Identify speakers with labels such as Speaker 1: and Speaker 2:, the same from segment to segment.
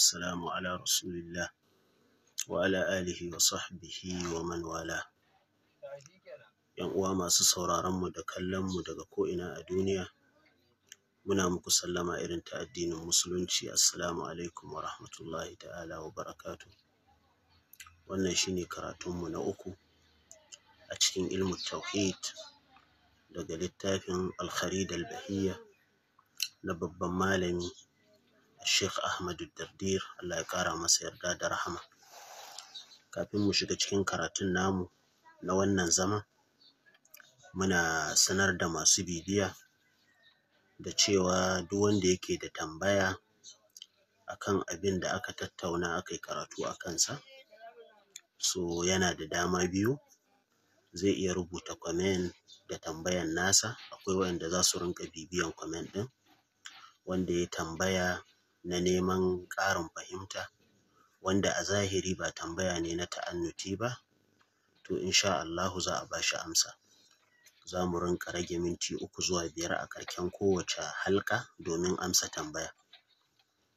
Speaker 1: rasulillah على رسول الله وعلى آله وصحبه ومن والاه ‘Yan uwa masu sauraronmu da kallon mu daga ko'ina a duniya, muna muku sallama irin ta addinin Musulunci, Assalamu alaikum wa rahmatullahi ta'ala wa barakatu. Wannan shi ne karatunmu na uku a cikin ilmin tauhid daga littafin Alkharid al-Bahiyya na babban malami Sheikh Ahmadu Dardir Allah ya ƙara masa yarda da rahama. Kafin mu shiga cikin karatun namu na wannan zama, muna sanar da masu bibiya da cewa duk wanda yake da tambaya akan abin da aka tattauna aka yi karatu a kansa, so yana da dama biyu, zai iya rubuta kwamen da tambayan nasa, akwai waɗanda za su rinƙa bibiyan kwamen ɗin, wanda ya tambaya na neman ƙarin fahimta wanda a zahiri ba tambaya ne na ta'annuti ba to insha Allahu za a ba shi amsa za mu rinka rage minti uku zuwa biyar a ƙarshen kowace halka domin amsa tambaya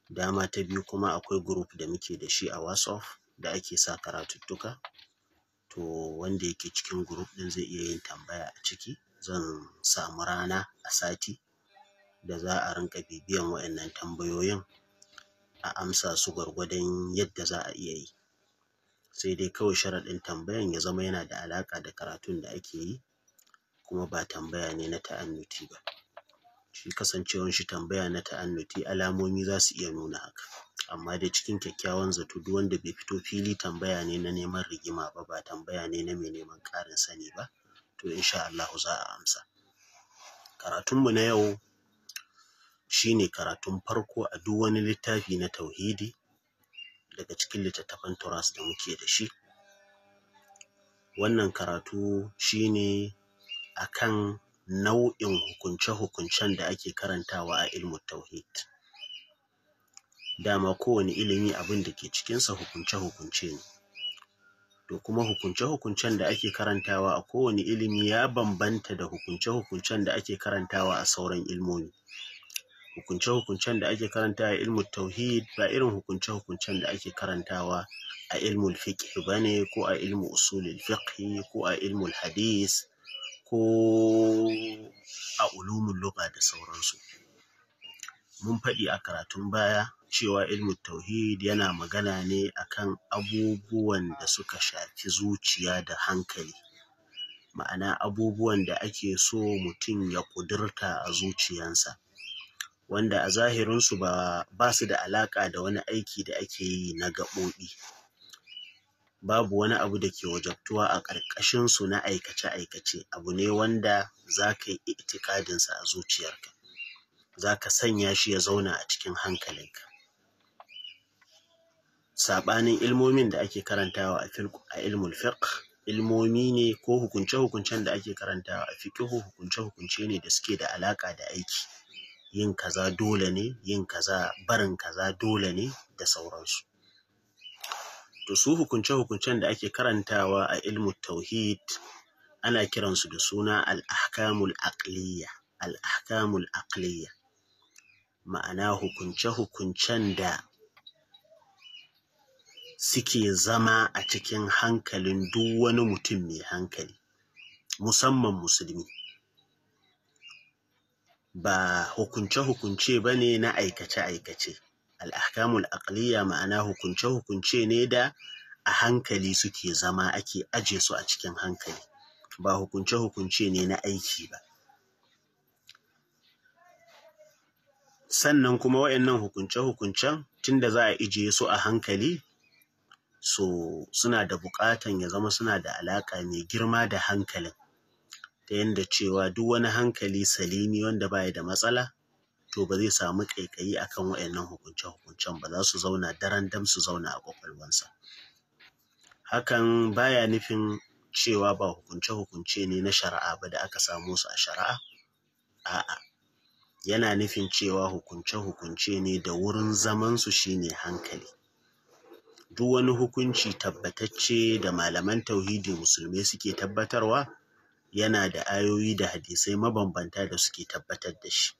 Speaker 1: dama ta biyu kuma akwai group da muke da shi a whatsapp da ake sa karatuttuka to wanda yake cikin group ɗin zai iya yin tambaya a ciki zan samu rana a sati da za a rinƙa bibiyan waɗannan tambayoyin a amsa su gwargwadon yadda za a iya yi sai dai kawai sharaɗin tambayan ya zama yana da alaƙa da karatun da ake yi kuma ba tambaya ne na ta'annuti ba shi kasancewan shi tambaya na ta'annuti alamomi za su iya nuna haka amma dai cikin kyakkyawan zato duk wanda bai fito fili tambaya ne na neman rigima ba ba tambaya ne na mai neman ƙarin sani ba to insha Allahu za a amsa karatunmu na yau shine karatun farko a duk wani littafi na tauhidi daga cikin littattafan turas da muke da shi wannan karatu shine akan nau'in hukunce-hukuncen da ake karantawa a ilimin tauhid dama kowane ilimi abin da ke cikinsa hukunce-hukunce ne to kuma hukunce-hukuncen da ake karantawa a kowane ilimi ya bambanta da hukunce-hukuncen da ake karantawa a sauran ilmomi hukunce-hukuncen da ake karanta a ilimin tauhid ba irin hukunce-hukuncen da ake karantawa a ilmul fiqh ne ko a ilimin usulul fiqh ko a ilimin hadis ko a ulumul lugha da sauransu mun faɗi a karatun baya cewa ilmin tauhid yana magana ne akan abubuwan da suka shafi zuciya da hankali ma'ana abubuwan da ake so mutum ya ƙudurta a zuciyansa wanda a zahirinsu ba, ba su da alaƙa da wani aiki da ake yi na gaɓoɓi babu wani abu da ke wajabtuwa a ƙarƙashinsu na aikace-aikace abu ne wanda za ka yi itikadinsa a zuciyarka za ka sanya shi ya zauna a cikin hankalinka saɓanin ilmomin da ake karantawa a ilmul fiqh ilmomi ne ko hukunce-hukuncen da ake karantawa a fiqihu hukunce-hukunce ne da suke da alaƙa da aiki yin kaza dole ne yin kaza barin kaza dole ne da sauransu to su hukunce-hukuncen da ake karantawa a ilmu tauhid ana kiransu da suna al-ahkamul aqliya al-ahkamul ma'ana hukunce-hukuncen da suke zama a cikin hankalin duk wani mutum mai hankali musamman musulmi ba hukunce-hukunce ba ne na aikace-aikace. Al'ahkamul aqliya ma'ana hukunce-hukunce ne da a hankali suke zama ake aje su a cikin hankali, ba hukunce-hukunce ne na aiki ba. Sannan kuma waɗannan hukunce-hukuncen tunda za a ije su a hankali, so suna da buƙatan ya zama suna da alaƙa mai girma da hankalin. ta yanda cewa duk wani hankali Salini wanda baya da matsala to ba zai samu ƙaiƙayi akan wa'annan hukunce-hukuncen ba za su zauna daren dam su zauna a kwakwalwansa. hakan baya nufin cewa ba hukunce-hukunce ne na shari'a ba da aka samu su a shari'a a'a yana nufin cewa hukunce-hukunce ne da wurin zaman su shine hankali duk wani hukunci tabbatacce da malaman tauhidi musulmai suke tabbatarwa yana da ayoyi da hadisai mabambanta da suke tabbatar da shi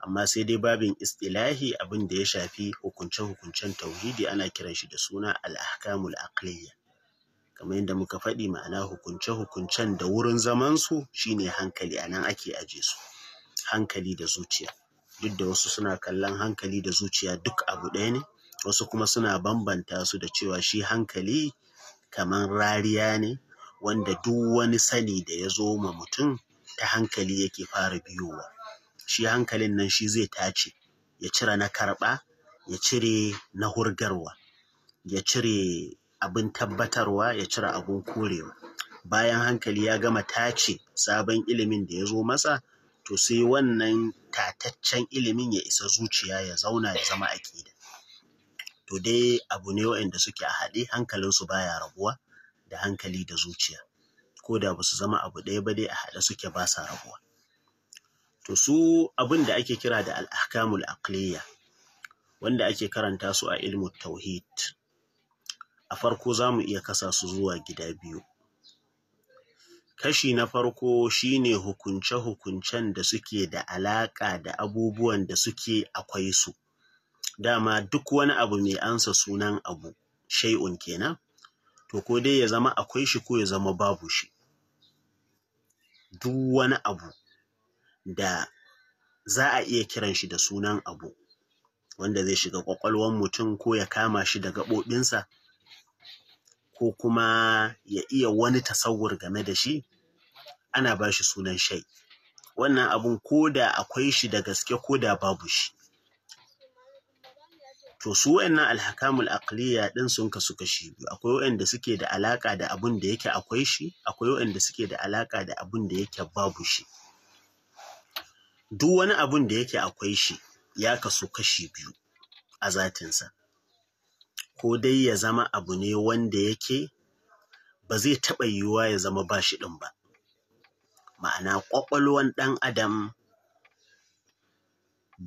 Speaker 1: amma sai dai babin istilahi abin da ya shafi hukunce-hukuncen tauhidi ana kiran shi da suna al-ahkamul kamar yadda muka faɗi ma'ana hukunce-hukuncen da wurin zaman su shine hankali a nan ake aje su hankali da zuciya duk da wasu suna kallon hankali da zuciya duk abu ɗaya ne wasu kuma suna bambanta su da cewa shi hankali kamar rariya ne wanda duk wani sani da ya zo ma mutum ta hankali yake fara biyowa shi hankalin nan shi zai tace ya cire na karɓa ya cire na hurgarwa ya cire abin tabbatarwa ya cire abin korewa bayan hankali ya gama tace sabon ilimin da ya zo masa to sai wannan tataccen ilimin ya isa zuciya ya zauna ya zama aƙida to dai abu ne waɗanda suke a haɗe hankalinsu baya rabuwa da hankali da zuciya ko da ba su zama abu ɗaya ba dai a haɗe suke ba sa rabuwa to su abin da ake kira da al'ahkamul aqliya wanda ake karanta su a ilmu tauhid a farko za mu iya kasa su zuwa gida biyu kashi na farko shine hukunce-hukuncen da suke da alaƙa da abubuwan da suke akwai su dama duk wani abu mai ansa sunan abu shai'un kenan to ko dai ya zama akwai shi ko ya zama babu shi duk wani abu da za a iya kiran shi da sunan abu wanda zai shiga kwakwalwan mutum ko ya kama shi da gaɓoɓinsa ko kuma ya iya wani tasawur game da shi ana ba shi sunan shai wannan abun ko da akwai shi da gaske ko da babu shi to su wayannan alhakamul aqliya din sun kasu kashi biyu akwai wayanda suke da alaka da abun da yake akwai shi akwai wayanda suke da alaka da abun da yake babu shi duk wani abun da yake akwai shi ya kasu kashi biyu a zatinsa ko dai ya zama abu ne wanda yake ba zai taɓa yiwuwa ya zama ba shi ɗin ba ma'ana ƙwaƙwalwan ɗan adam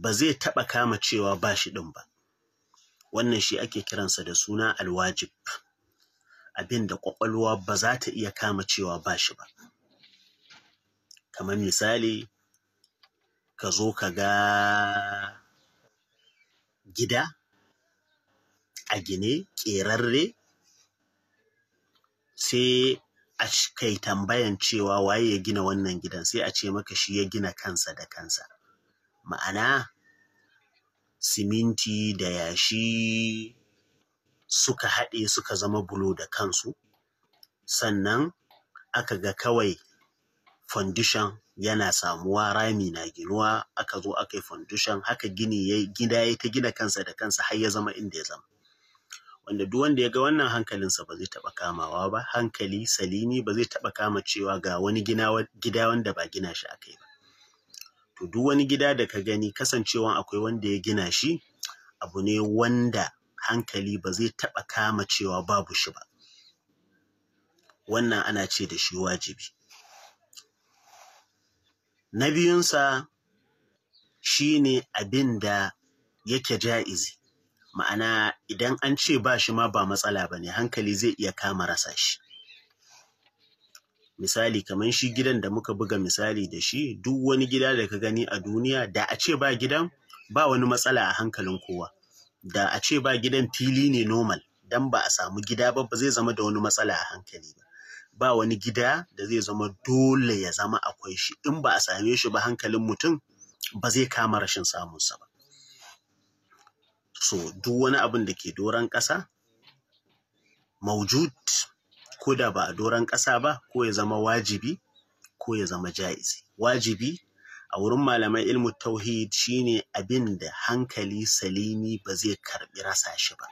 Speaker 1: ba zai taɓa kama cewa ba shi ɗin ba wannan shi ake kiransa da suna alwajib abin da ƙwaƙwalwa ba za ta iya kama cewa ba shi ba kamar misali ka zo ka ga gida a gine ƙerarre sai a kai tambayan cewa waye ya gina wannan gidan sai a ce maka shi ya gina kansa da kansa ma'ana siminti da yashi suka haɗe suka zama bulo da kansu sannan aka ga kawai fondishan yana samuwa rami na ginuwa aka zo aka yi fondishan haka gini ya gida ya ta gina kansa da kansa har ya zama inda ya zama wanda duk wanda ya ga wannan hankalinsa ba zai taɓa kamawa ba hankali salini ba zai taɓa kama cewa ga wani gida wanda ba gina shi aka yi to duk wani gida da ka gani kasancewan akwai wanda ya gina shi abu ne wanda hankali ba zai taɓa kama cewa babu shi ba wannan ana ce da shi wajibi na biyunsa shi ne abin da yake ja'izi ma'ana idan an ce ba shi ma ba matsala ba ne hankali zai iya kama rasa shi misali kamar shi gidan da muka buga misali da shi duk wani gida da ka gani a duniya da a ce ba gidan ba wani matsala a hankalin kowa da a ce ba gidan fili ne normal dan ba a samu gida ba ba zai zama da wani matsala a hankali ba ba wani gida da zai zama dole ya zama akwai shi in ba a same shi ba hankalin mutum ba zai kama rashin samun sa ba so duk wani abin da ke doron ƙasa maujud ko da ba a doron ƙasa ba ko ya zama wajibi ko ya zama ja'izi wajibi a wurin malamai, ilmu tauhid shine abin da hankali salimi ba zai karbi rasa shi ba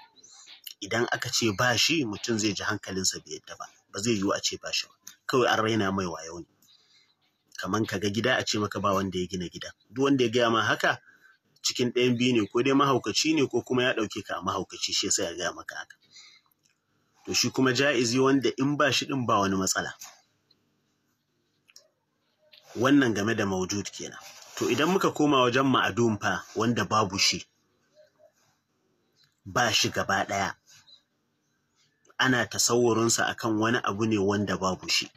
Speaker 1: idan aka ce ba shi mutum zai ji hankalinsa bai yadda ba ba zai yiwu a ce ba shi ba kawai an raina mai wayo ne kaman ka ga gida a ce maka ba wanda ya gina gida duk wanda ya gaya ma haka cikin ɗayan biyu ne ko dai mahaukaci ne ko kuma ya ɗauke ka a mahaukaci shi sai ya gaya maka haka to shi kuma ja'izi wanda in ba shi din ba wani matsala wannan game da maujud kenan to idan muka koma wajen ma'adun fa wanda babu shi ba shi gaba ɗaya ana sa akan wani abu ne wanda babu shi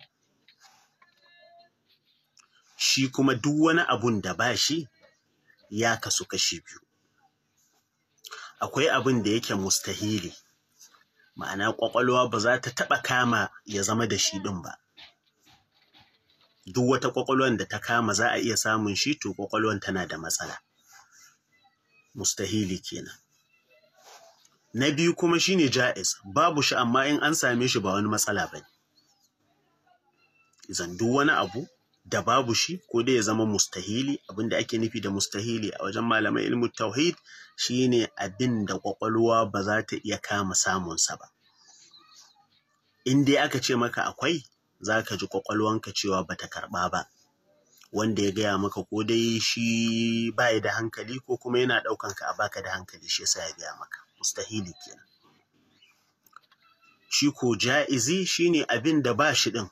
Speaker 1: shi kuma duk wani abun da ba shi ya kasu kashi biyu akwai abin da yake mustahili ma'ana ƙwaƙwalwa ba za ta taɓa kama ya zama da shi ɗin ba duk wata ƙwaƙwalwan da ta kama za a iya samun shi to ƙwaƙwalwan tana da matsala mustahili kenan na biyu kuma shine ja'iz babu shi amma in an same shi ba wani matsala ba ne duk wani abu da babu shi ko dai ya zama mustahili abin da ake nufi da mustahili a wajen malamai ilmu tauhid shine abin da kwakwalwa ba za ta iya kama samun sa ba in dai aka ce maka akwai za ka ji kwakwalwanka cewa ba ta karɓa ba wanda ya gaya maka ko dai shi ba da hankali ko kuma yana ɗaukan ka a baka da hankali shi yasa ya gaya maka mustahili kenan shi ko ja'izi shine abin da ba shi ɗin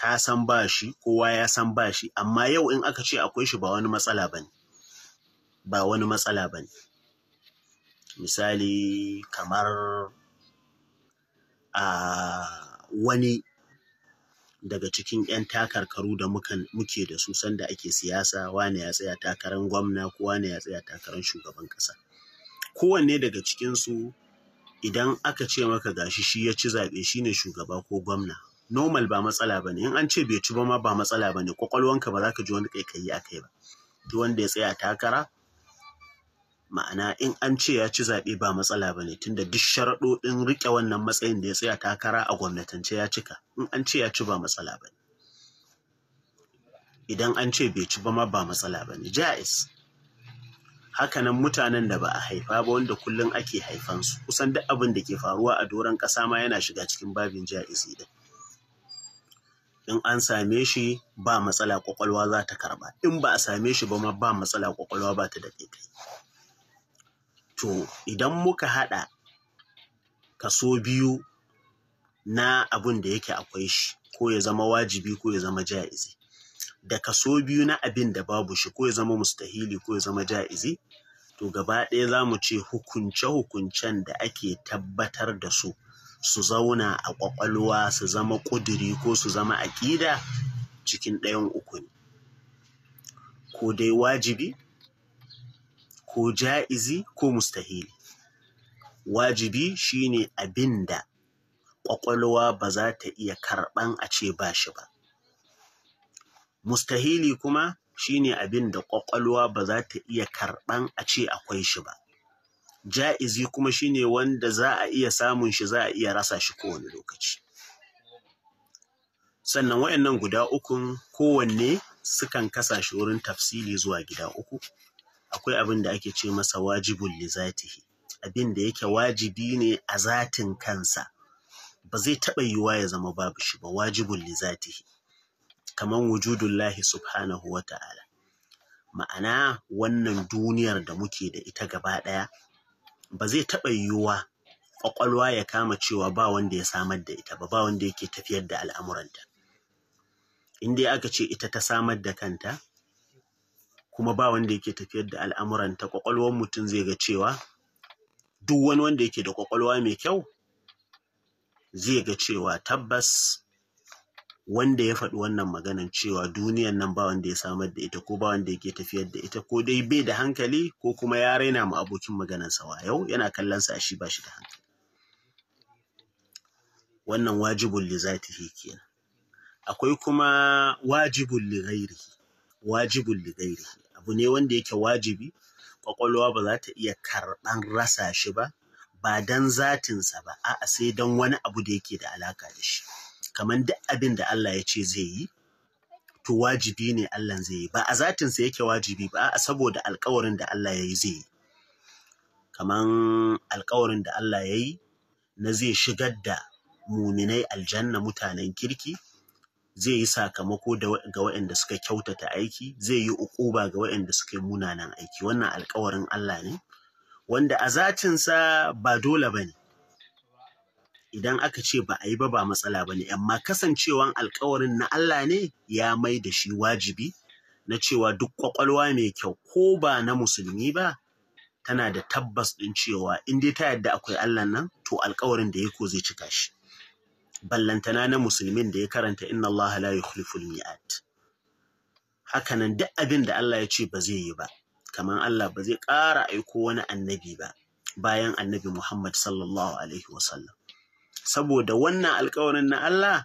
Speaker 1: ka san ba shi kowa ya san ba shi amma yau in aka ce akwai shi ba wani matsala ba ne ba wani matsala ba ne misali kamar a wani daga cikin 'yan takarkaru da muke da su sanda ake siyasa wane ya tsaya takarar gwamna ko wane ya tsaya takarar shugaban ƙasa kowanne daga cikinsu idan aka ce maka gashi shi ya ci zaɓe shine shugaba ko gwamna normal ba matsala ba ne in an ce bai ci ba ma ba matsala ba ne kwakwalwanka ba za ka ji wani kaikayi a kai ba duk wanda ya tsaya takara ma'ana in an ce ya ci zaɓe ba matsala ba ne tunda duk sharaɗoɗin riƙe wannan matsayin da ya tsaya takara a gwamnatance ya cika in an ce ya ci ba matsala ba ne idan an ce bai ci ba ma ba matsala ba ne ja'is hakanan mutanen da ba a haifa ba wanda kullum ake haifansu kusan duk abin da ke faruwa a doron ƙasa ma yana shiga cikin babin ja'izi din in an same shi ba matsala kwakwalwa za ta karba in ba a same shi ba ma ba matsala kwakwalwa ba ta da daidai to idan muka haɗa kaso biyu na abun da yake akwai shi ko ya zama wajibi ko ya zama ja'izi da kaso biyu na abin da babu shi ko ya zama mustahili ko ya zama ja'izi to gaba ɗaya za mu ce hukunce-hukuncen da ake tabbatar da su su zauna a ƙwaƙwalwa su zama ƙuduri ko su zama aƙida cikin ɗayan uku ne ko dai wajibi ko ja'izi ko mustahili wajibi shine abin da ƙwaƙwalwa ba za ta iya karɓan a ce ba shi ba mustahili kuma shine abin da ƙwaƙwalwa ba za ta iya karɓan a ce akwai shi ba ja'izi kuma shine wanda za a iya samun shi za a iya rasa shi kowane lokaci sannan nan guda ukun kowanne sukan kasa shi wurin tafsili zuwa gida uku akwai abin da ake ce masa wajibul li zatihi abin da yake wajibi ne a zatin kansa ba zai taɓa yiwuwa ya zama babu shi ba wajibul li zatihi kaman wujudullahi subhanahu wa ta'ala ma'ana wannan duniyar da muke da ita gaba ɗaya ba zai taɓa yiwuwa ƙwaƙwalwa ya kama cewa ba wanda ya samar da ita ba ba wanda yake tafiyar da al'amuranta in dai aka ce ita ta samar da kanta kuma ba wanda yake tafiyar da al'amuranta ƙwaƙwalwar mutum zai ga cewa duk wani wanda yake da ƙwaƙwalwa mai kyau zai ga cewa tabbas wanda ya faɗi wannan maganan cewa duniyan nan ba wanda ya samar da ita ko ba wanda yake tafiyar da ita ko dai bai da hankali ko kuma ya raina ma abokin maganan sa yau yana kallon sa a shi ba shi da hankali wannan wajibul li zatihi kenan akwai kuma wajibul li ghairihi wajibul li ghairihi abu ne wanda yake wajibi kwakwalwa ba za ta iya karɓan rasa shi ba ba dan zatinsa ba a'a sai dan wani abu da yake da alaka da shi Kaman duk abin da Allah ya ce zai yi to wajibi ne Allah zai yi ba a zatinsa yake wajibi ba a saboda alkawarin da Allah ya yi zai yi kaman alkawarin da Allah ya yi na zai shigar da muminai aljanna mutanen kirki zai yi sakamako ga waɗanda suka kyautata aiki zai yi uƙuba ga waɗanda suka yi munanan aiki wannan alkawarin Allah ne wanda a zatinsa ba dole ba ne idan aka ce ba a yi ba ba matsala ba ne amma kasancewan alkawarin na Allah ne ya mai da shi wajibi na cewa duk kwakwalwa mai kyau ko ba na musulmi ba tana da tabbas ɗin cewa in dai ta yadda akwai Allah nan to alkawarin da ya ko zai cika shi ballantana na musulmin da ya karanta inna Allah la yukhliful mi'at hakanan duk abin da Allah ya ce ba zai yi ba kamar Allah ba zai ƙara aiko wani annabi ba bayan annabi Muhammad sallallahu alaihi wasallam saboda wannan alkawarin na Allah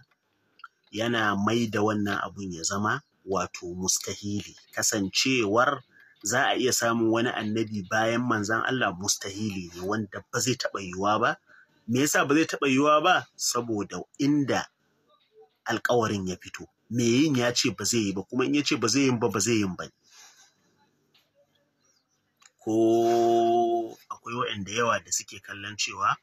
Speaker 1: yana mai da wannan abun ya zama wato mustahili kasancewar za a iya samun wani annabi bayan manzan Allah mustahili ne wanda ba zai taɓa yiwuwa ba me yasa ba zai taɓa yiwuwa ba saboda inda alkawarin ya fito me yin ya ce ba zai yi ba kuma in ya ce ba zai yin ba ba zai yin ba ko akwai waɗanda yawa da suke kallon cewa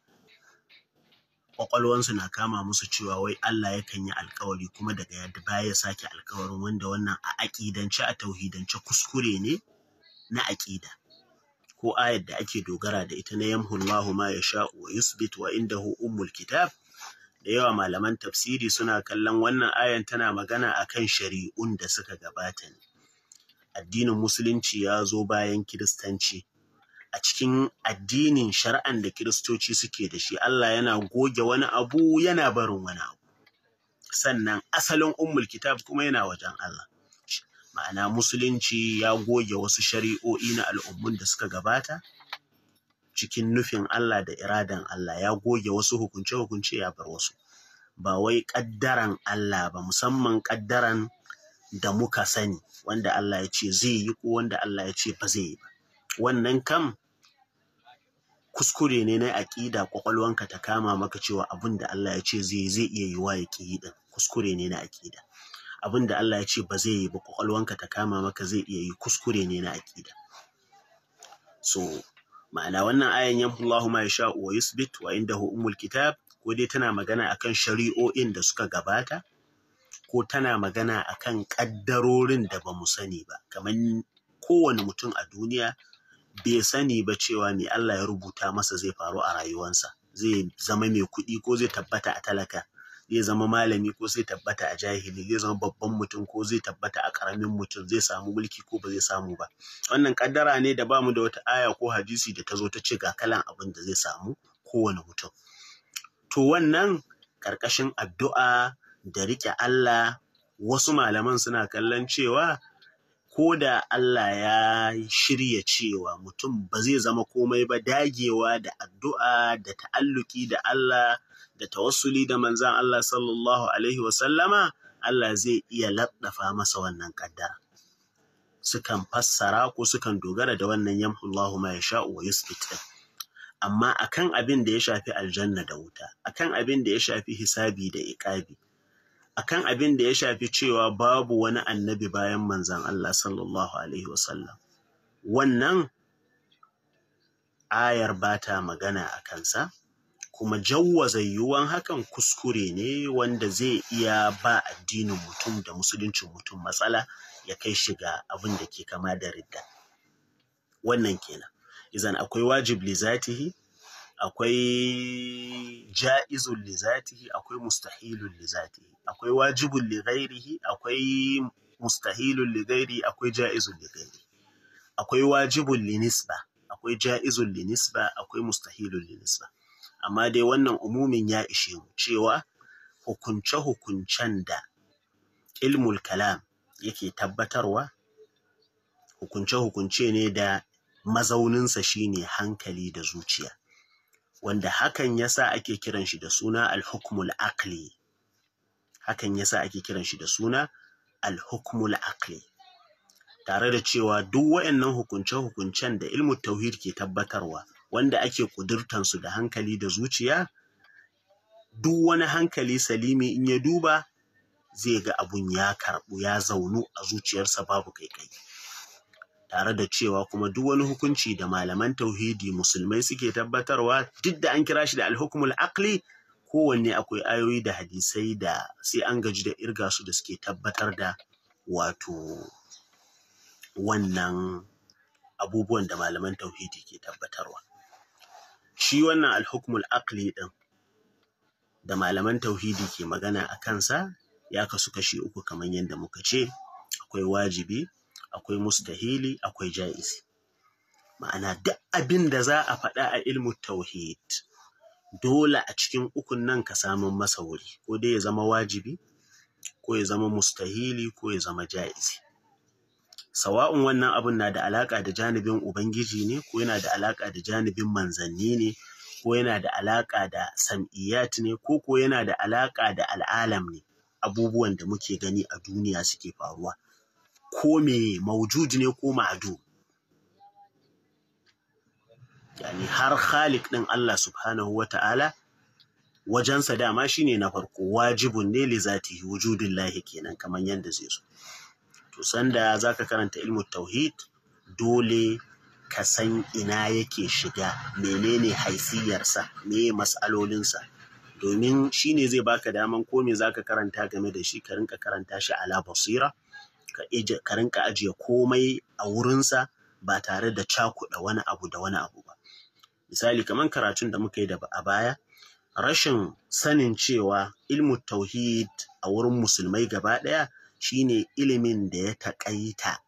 Speaker 1: kwakwalwansu na kama musu cewa wai Allah yakan yi alkawari kuma daga yadda baya ya sake alkawarin wanda wannan a aƙidance a tauhidance kuskure ne na aƙida ko ayar da ake dogara da ita na yamhullahu ma ya sha wa yusbit wa indahu ummul kitab da yawa malaman tafsiri suna kallon wannan ayan tana magana akan shari'un da suka gabata ne addinin musulunci ya zo bayan kiristanci a cikin addinin shari'an da kiristoci suke da shi Allah yana goge wani abu yana barin wani abu sannan asalin ummul kitab kuma yana wajen Allah ma'ana musulunci ya goge wasu shari'o'i na al'ummun da suka gabata cikin nufin Allah da iradan Allah ya goge wasu hukunce-hukunce ya bar wasu ba wai ƙaddaran Allah ba musamman ƙaddaran da muka sani wanda Allah ya ce zai yi ko wanda Allah ya ce ba zai yi ba wannan kam kuskure ne na aƙida kwakwalwanka ta kama maka cewa abin da Allah ya ce zai zai iya yiwa ya din kuskure ne na aƙida abin da Allah ya ce ba zai yi ba kwakwalwanka ta kama maka zai iya yi kuskure ne na aƙida so ma'ana wannan ayan yamhullahu ma yasha wa yusbit wa indahu umul kitab ko dai tana magana akan shari'o'in da suka gabata ko tana magana akan kaddarorin da ba mu sani ba kamar kowane mutum a duniya bai sani ba cewa mai Allah ya rubuta masa zai faru a rayuwansa zai zama mai kuɗi ko zai tabbata a talaka zai zama malami ko zai tabbata a jahili zai zama babban mutum ko zai tabbata a karamin mutum zai samu mulki ko ba zai samu ba wannan kaddara ne da bamu da wata aya ko hadisi da ta zo ta ce ga kalan abin da zai samu kowane mutum to wannan ƙarƙashin addu'a da riƙe Allah wasu malaman suna kallon cewa ko da Allah ya shirya cewa mutum ba zai zama komai ba dagewa da addu'a da ta'alluki da Allah da tawassuli da manzan Allah sallallahu Alaihi wasallama Allah zai iya laɗafa masa wannan ƙadda Sukan fassara ko sukan dogara da wannan yamhullahu ma ya sha'u wa yusbitin. Amma akan abin da ya shafi aljanna da wuta, akan abin da ya shafi hisabi da iƙabi. akan abin da ya shafi cewa babu wani annabi bayan manzan Allah sallallahu Alaihi wasallam. Wannan ayar ba ta magana a kansa, kuma jawwaza yiwuwan hakan kuskure ne wanda zai iya ba addinin mutum da musuluncin mutum matsala ya kai shiga abin da ke kama da ridda. Wannan kenan. Izan akwai wajib li zatihi akwai ja'izun li zatihi akwai mustahilun li zatihi akwai wajibun li ghairihi akwai mustahilun li ghairi akwai ja'izun li ghairi akwai wajibun li nisba akwai ja'izun li nisba akwai mustahilun li nisba amma dai wannan umumin ya ishe mu cewa hukunce hukuncen da ilmul kalam yake tabbatarwa hukunce hukunce ne da mazauninsa shine hankali da zuciya wanda hakan yasa ake kiran shi da suna alhukmul aqli hakan yasa ake kiran shi da suna alhukmul hukmul tare da cewa duk waɗannan hukunce-hukuncen da ilmu tauhid ke tabbatarwa wanda ake kudurtansu da hankali da zuciya duk wani hankali salimi in ya duba zai ga abun ya karɓu ya zaunu a zuciyarsa babu kai-kai. tare da cewa kuma duk wani hukunci da malaman tauhidi musulmai suke tabbatarwa duk da an kira shi da alhukumul akli kowanne akwai ayoyi da hadisai da sai an gaji da irga su da suke tabbatar da wato wannan abubuwan da malaman tauhidi ke tabbatarwa shi wannan alhukumul akli ɗin da malaman tauhidi ke magana a kansa ya kasu kashi uku kamar yadda muka ce akwai wajibi akwai mustahili akwai ja'izi ma'ana duk abin da za a faɗa a ilmu tauhid dole a cikin ukun nan ka samun masa wuri ko dai ya zama wajibi ko ya zama mustahili ko ya zama ja'izi sawa'un wannan abun na da alaka da janibin ubangiji ne ko yana da alaƙa da janibin manzanni ne ko yana da alaƙa da sam'iyyat ne ko ko yana da alaƙa da al'alam ne abubuwan da muke gani a duniya suke faruwa ko me maujud ne ko ma'adu yani har khaliq din Allah subhanahu wa ta'ala wajensa dama shine na farko wajibun ne li zati wujudin kenan kamar yadda zai so to sanda zaka karanta ilmu tauhid dole ka san ina yake shiga menene haisiyarsa me mas'alolinsa domin shine zai baka daman ko me zaka karanta game da shi ka rinka karanta shi ala basira ka rinka ajiye komai a wurinsa ba tare da cakuɗa wani abu da wani abu ba misali kamar karatun da muka yi da a baya rashin sanin cewa ilmu tauhid a wurin musulmai gaba ɗaya shine ilimin da ya taƙaita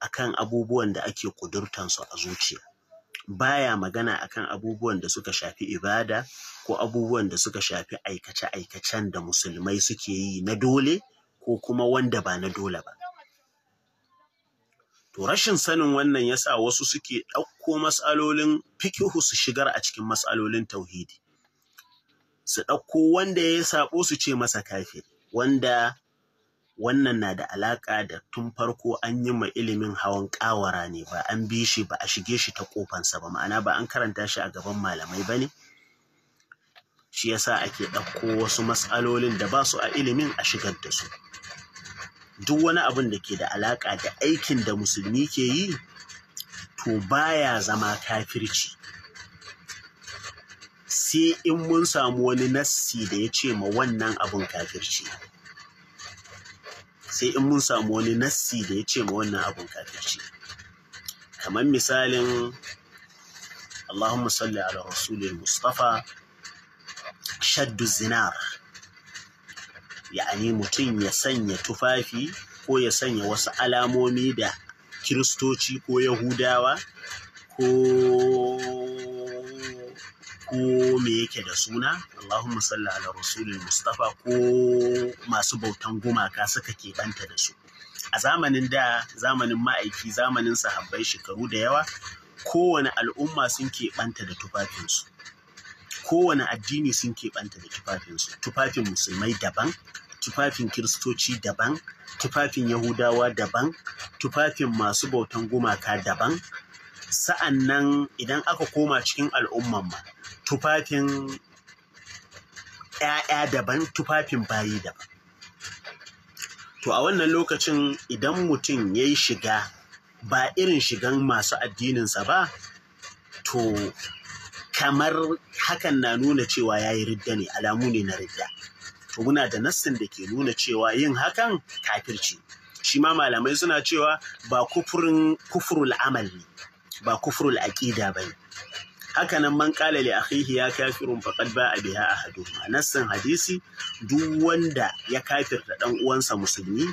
Speaker 1: akan abubuwan da ake ƙudurtansu a zuciya baya magana akan abubuwan da suka shafi ibada ko abubuwan da suka shafi aikace-aikacen da musulmai suke yi na dole ko kuma wanda ba na dole ba To rashin sanin wannan ya sa wasu suke ɗauko matsalolin fikihu su shigar a cikin matsalolin tauhidi. Su ɗauko wanda ya saɓo su ce masa kafiri, wanda wannan na da alaƙa da tun farko an yi ma ilimin hawan ƙawara ne ba an bi shi ba a shige shi ta ƙofansa ba ma'ana ba an karanta shi a gaban malamai ba ne. Shi ya sa ake ɗauko wasu matsalolin da ba su a ilimin a shigar da su. duk wani abin da ke da alaƙa da aikin da musulmi ke yi to baya zama kafirci sai in mun samu wani nassi da ya ce ma wannan abin kafirci sai in mun samu wani nassi da ya ce ma wannan abin kafirci kamar misalin Allahumma salli ala rasulil Mustafa shaddu zinar ya'ani mutum ya sanya tufafi ko ya sanya wasu alamomi da kiristoci ko yahudawa ko ko me yake da suna Allahumma salli ala rasulil mustafa ko masu bautan gumaka suka keɓanta da su a zamanin da zamanin ma'aiki zamanin sahabbai shekaru da yawa kowane al'umma sun keɓanta da tufafinsu kowane addini sun keɓanta da tufafinsu tufafin musulmai daban tufafin kiristoci daban tufafin yahudawa daban tufafin masu bautan gumaka daban sa'an nan idan aka koma cikin al'umman ma tufafin ‘ya'ya daban tufafin bayi daban to a wannan lokacin idan mutum ya yi shiga ba irin shigan masu addininsa ba to kamar hakan na nuna cewa ya yi ridda ne alamu ne na ridda to muna da nassin da ke nuna cewa yin hakan kafirci shi ma malamai suna cewa ba kufurin kufurul amal ne ba kufurul aƙida ba ne Hakanan nan man kala li akhihi ya kafirun faqad ba a biha ahadu nassin hadisi duk wanda ya kafirta dan uwansa musulmi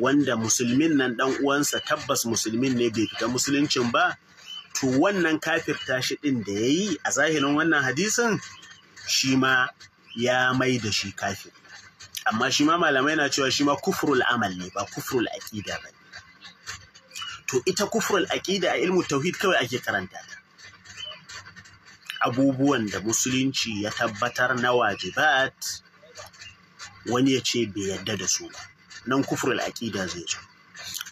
Speaker 1: wanda musulmin nan dan uwansa tabbas musulmin ne bai fita musuluncin ba to wannan kafirta shi ɗin da ya yi a zahirin wannan hadisin shi ma ya mai da shi kafir amma shi ma malamai na cewa shi ma kufrul amal ne ba kufrul aƙida ba to ita kufrul aƙida a ilmu tauhid kawai ake karanta ta abubuwan da musulunci ya tabbatar na wajibat wani ya ce bai yadda da su ba nan kufrul aƙida zai zo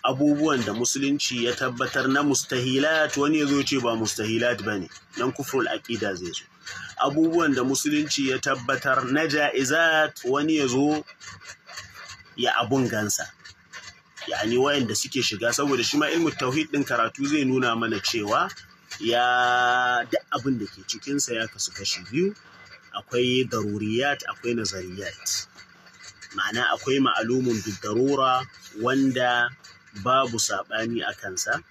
Speaker 1: abubuwan da musulunci ya tabbatar na mustahilat wani ya zo ce ba mustahilat ba ne don kufrul aƙida zai zo abubuwan da musulunci ya tabbatar na ja'izat wani ya zo ya abun gansa yani wayanda suke shiga saboda shi ma ilmin tauhid din karatu zai nuna mana cewa ya duk abin da ke cikinsa ya kasu kashi biyu akwai daruriyat akwai nazariyat ma'ana akwai ma'alumin darura wanda babu saɓani a kansa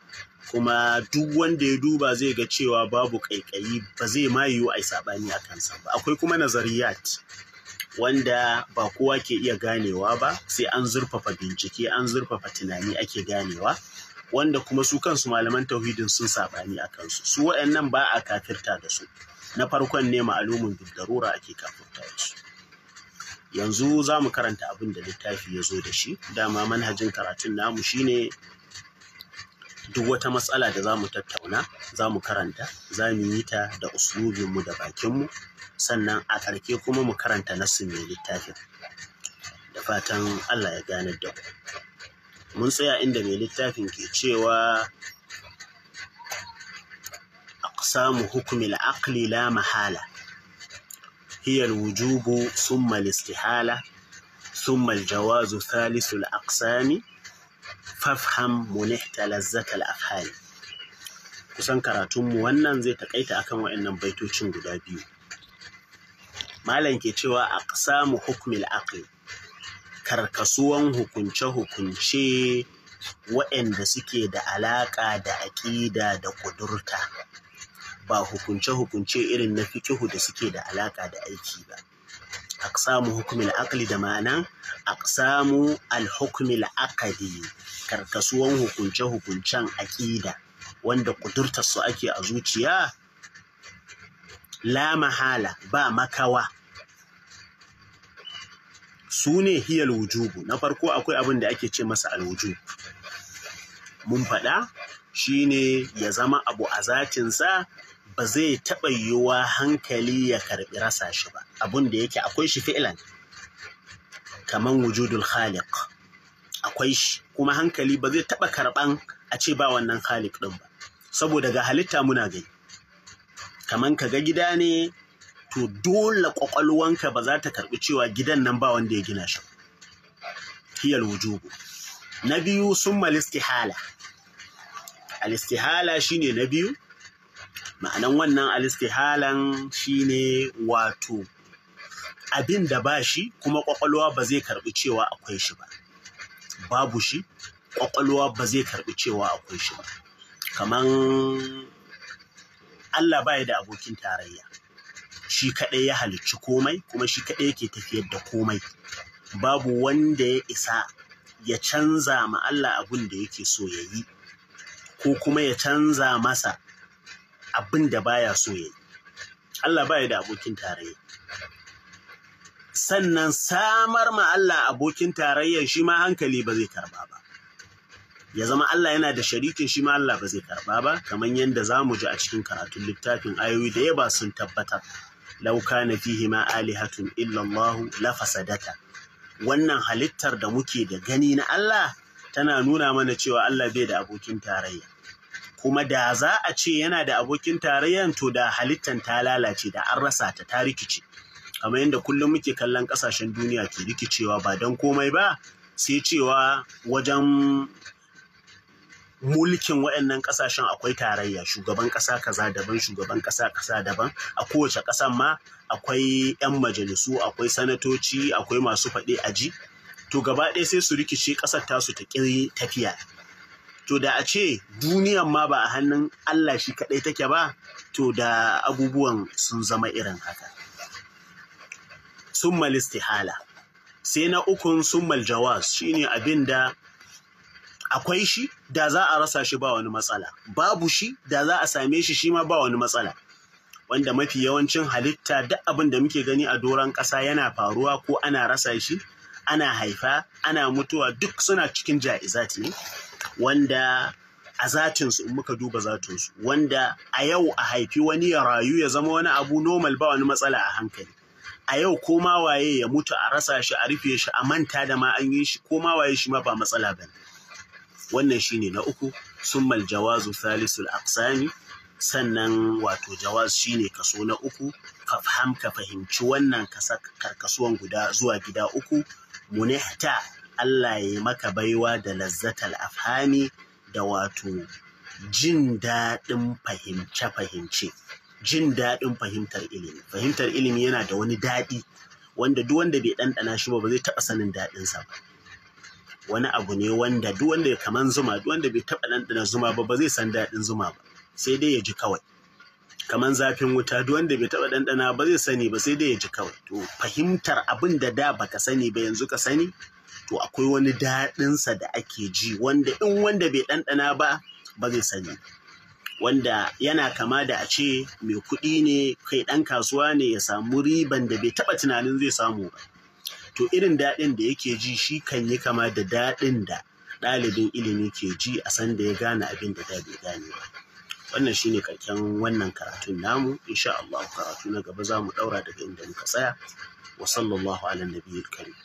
Speaker 1: kuma duk wanda ya duba zai ga cewa babu ƙaiƙayi ba zai ma yiwu a yi saɓani a kansa ba akwai kuma nazariyat wanda ba kowa ke iya ganewa ba sai an zurfafa bincike an zurfafa tunani ake ganewa wanda kuma su kansu malaman tauhidin sun saɓani a kansu su waɗannan ba a kafirta da su na farkon ne ma'alumin duk darura ake kafirta da su yanzu za mu karanta abin da littafi ya zo da shi dama manhajin karatun namu shine duk wata matsala da za mu tattauna za mu karanta za mu yi ta da uslubinmu da bakinmu sannan a karke kuma mu karanta nasu mai littafin da fatan allah ya ganar da ku mun tsaya inda mai littafin ke cewa a samu hukumin la mahala hiya alwujubu summa alistihala summa aljawazu thalithu alaqsami fafham munihta lazzata alafhal kusan karatunmu wannan zai takaita akan waɗannan baitocin guda biyu malam ke cewa aqsamu hukmil aqli karkasuwan hukunce-hukunce waɗanda suke da alaƙa da aƙida da ƙudurta ba hukunce-hukunce irin na fikihu da suke da alaƙa da aiki ba samu hukumil aqli da aqsamu al alhukumil akadi karkasuwan hukunce-hukuncen aƙida wanda su ake a zuciya la mahala ba makawa su ne hiyal wujubu na farko akwai abin da ake ce masa alwujubu mun faɗa shine ya zama abu a zatinsa ba zai taɓa yiwuwa hankali ya karɓi rasa shi ba abun da yake akwai shi fi'ilan Kamar wujudul khaliq akwai shi kuma hankali ba zai taɓa karɓan a ce ba wannan khaliq ɗin ba saboda ga halitta muna gani Kamar ka ga gida ne to dole ƙwaƙwalwanka ba za ta karɓi cewa gidan nan ba wanda ya gina shi hiyal wujubu na biyu sun malistihala hala shine na biyu ma'anan wannan alistihalan shine wato abin da ba shi kuma kwakwalwa ba zai karbi cewa akwai shi ba babu shi kwakwalwa ba zai karbi cewa akwai shi ba kaman Allah ba da abokin tarayya shi kaɗai ya halicci komai kuma shi kaɗai yake tafiyar da komai babu wanda ya isa ya canza ma Allah abun da yake so ya yi ko kuma ya canza masa abin da baya so ya yi Allah baya da abokin tarayya sannan samar ma Allah abokin tarayya shi ma hankali ba zai karba ba ya zama Allah yana da sharikin shi ma Allah ba zai karba ba kamar yadda za mu ji a cikin karatun littafin ayoyi da yaba sun tabbatar law kana fihi ma alihatun illa Allah la fasadata wannan halittar da muke da gani na Allah tana nuna mana cewa Allah bai da abokin tarayya kuma da za a ce yana da abokin tarayyar to da halittan ta lalace da an rasa ta ta rikice kamar yadda kullum muke kallon kasashen duniya ke rikicewa ba don komai ba sai cewa wajen mulkin waɗannan ƙasashen akwai tarayya shugaban ƙasa kaza daban shugaban ƙasa kaza daban a kowace ƙasan ma akwai 'yan majalisu akwai sanatoci akwai masu faɗi aji to gaba ɗaya sai su rikice ƙasar tasu ta ƙi tafiya to da a ce duniyan ma ba a hannun Allah shi kaɗai take ba to da abubuwan sun zama irin haka summal istihala sai na ukun summal jawaz shine abin da akwai shi da za a rasa shi ba wani matsala babu shi da za a same shi shi ma ba wani matsala wanda mafi yawancin halitta duk abin da muke gani a doron ƙasa yana faruwa ko ana rasa shi ana haifa ana mutuwa duk suna cikin ja'izati ne wanda a zatinsu in muka duba zatinsu wanda a yau a haifi wani ya rayu ya zama wani abu normal ba wani matsala a hankali a yau ko ma waye ya mutu a rasa shi a rufe shi a manta da ma an yi shi ko ma waye shi ma ba matsala ba ne wannan ne na uku summal jawazu thalisul aqsami sannan wato jawaz shi ne kaso na uku ka fahimci wannan karkasuwan guda zuwa gida uku munihta Allah ya yi maka baiwa da lazzatal afhami da wato jin daɗin fahimce-fahimce jin daɗin fahimtar ilimi fahimtar ilimi yana da wani daɗi wanda duk wanda bai ɗanɗana shi ba ba zai taɓa sanin daɗinsa ba wani abu ne wanda duk wanda ya kaman zuma duk wanda bai taɓa ɗanɗana zuma ba ba zai san daɗin zuma ba sai dai ya ji kawai kaman zafin wuta duk wanda bai taɓa ɗanɗana ba zai sani ba sai dai ya ji kawai to fahimtar abin da da baka sani ba yanzu ka sani to akwai wani daɗinsa da ake ji wanda in wanda bai ɗanɗana ba ba zai sani wanda yana kama da a ce mai kuɗi ne kai ɗan kasuwa ne ya samu riban da bai taɓa tunanin zai samu ba to irin daɗin da yake ji shi kan yi kama da daɗin da ɗalibin ilimi ke ji a sanda ya gane abin da bai gane ba wannan shine karken wannan karatun namu insha Allah karatu na gaba za mu ɗaura daga inda muka tsaya wa sallallahu ala nabiyil karim